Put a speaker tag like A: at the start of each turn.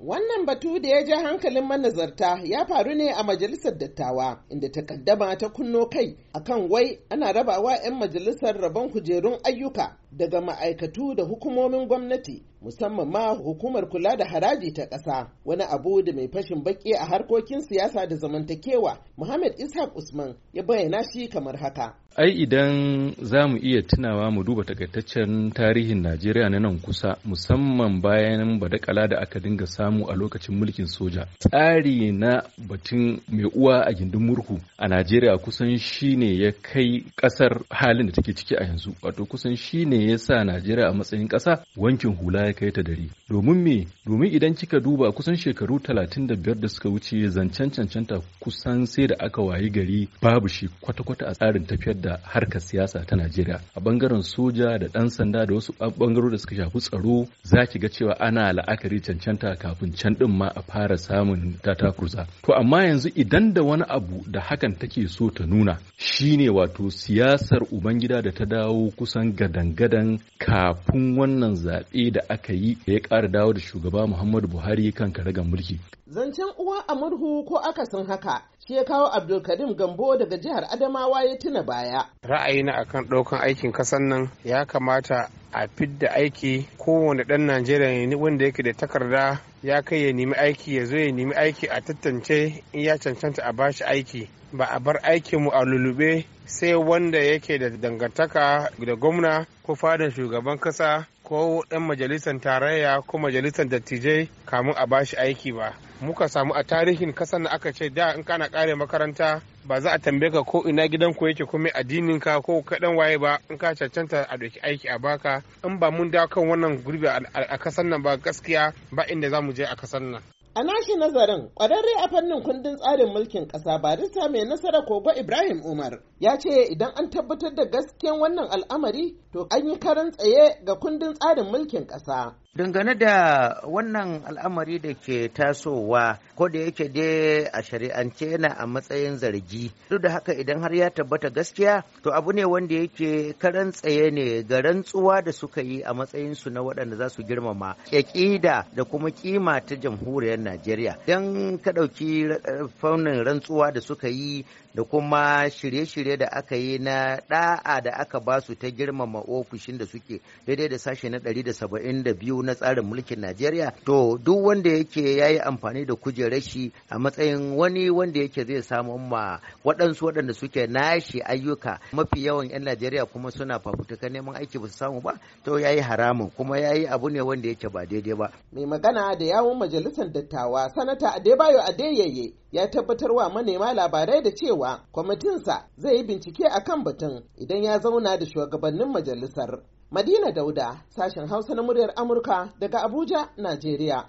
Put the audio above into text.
A: Wannan batu da ya ja hankalin manazarta ya faru ne a majalisar dattawa inda takaddama ta kunno kai akan wai ana rabawa 'yan majalisar rabon kujerun ayyuka daga ma'aikatu da hukumomin gwamnati musamman ma hukumar kula da haraji ta ƙasa wani abu da mai fashin baki a harkokin siyasa da zamantakewa Muhammad Ishaq Usman ya bayyana shi kamar haka.
B: Ai idan za mu iya tunawa mu duba takaitaccen tarihin Najeriya na nan kusa musamman bayan badakala da aka dinga samu a lokacin mulkin soja. Tsari na batun mai uwa a gindin murhu a Najeriya kusan shine ya kai ƙasar halin da take ciki a yanzu. Wato kusan shine ya sa Najeriya a matsayin ƙasa wankin hula ya kai ta dari. Domin me? Domin idan kika duba kusan shekaru talatin da biyar da suka wuce zancen cancanta kusan sai da aka wayi gari babu shi kwata-kwata a tsarin tafiyar da harkar siyasa ta Najeriya. A bangaren soja da ɗan sanda da wasu bangarori da suka shafi tsaro za ki ga cewa ana la'akari cancanta kafin can ɗin ma a fara samun takurza. To amma yanzu idan da wani abu da hakan take so ta nuna shine wato siyasar Ubangida da ta dawo kusan gadan-gadan kafin wannan zaɓe da aka aka yi ya ƙara dawo da shugaba Muhammadu Buhari
C: kan karagan mulki.
A: Zancen uwa a murhu ko akasin haka shi ya kawo Abdulkarim Gambo daga jihar Adamawa ya tuna baya.
C: Ra'ayina akan ɗaukan aikin kasan nan ya kamata a fidda aiki kowane ɗan Najeriya ne wanda yake da takarda ya kai ya nemi aiki ya zo ya nemi aiki a tattance in ya cancanta a bashi aiki ba a bar aikin mu a lulube sai wanda yake da dangantaka da gwamna ko fadin shugaban kasa ko ɗan majalisar tarayya ko majalisar dattijai kamun a bashi aiki ba muka samu a tarihin kasan da aka ce da in kana kare makaranta ba za a tambaye ka ko ina gidan ku yake kuma addinin ka ko kaɗan waye ba in ka cancanta a doki aiki a baka in ba mun da kan wannan gurbi a kasan nan ba gaskiya ba inda za mu je a kasan nan A nashi nazarin
A: ƙwararre a fannin kundin tsarin mulkin ƙasa barista mai nasara kogo Ibrahim Umar ya ce idan an tabbatar da gaskiyan wannan al'amari to an yi karin tsaye ga kundin tsarin mulkin ƙasa.
D: Dangane da wannan al'amari da ke tasowa ko da yake dai a shari'ance yana a matsayin zargi duk da haka idan har ya tabbata gaskiya to abu ne wanda yake karan tsaye ne ga rantsuwa da suka yi a matsayin su na waɗanda za su girmama yaƙida da kuma kima ta jamhuriyar Najeriya don ka ɗauki faunin rantsuwa da suka yi da kuma shirye-shirye da aka yi na ɗa'a da aka ba su ta girmama ofishin da suke daidai da sashe na ɗari da da saba'in biyu. na tsarin mulkin Najeriya to duk wanda yake yayi amfani da kujerar shi a matsayin wani wanda yake zai samu ma waɗansu waɗanda suke nashi ayyuka mafi yawan 'yan Najeriya kuma suna fafutuka neman aiki ba su samu ba to yayi haramun kuma yayi abu ne wanda yake ba daidai ba
A: mai magana da yawon majalisar dattawa sanata Adebayo Adeyeye ya tabbatar wa manema labarai da cewa kwamitinsa zai yi bincike a kan batun idan ya zauna da shugabannin majalisar. Madina Dauda, sashen Hausa na muryar Amurka daga Abuja, Najeriya.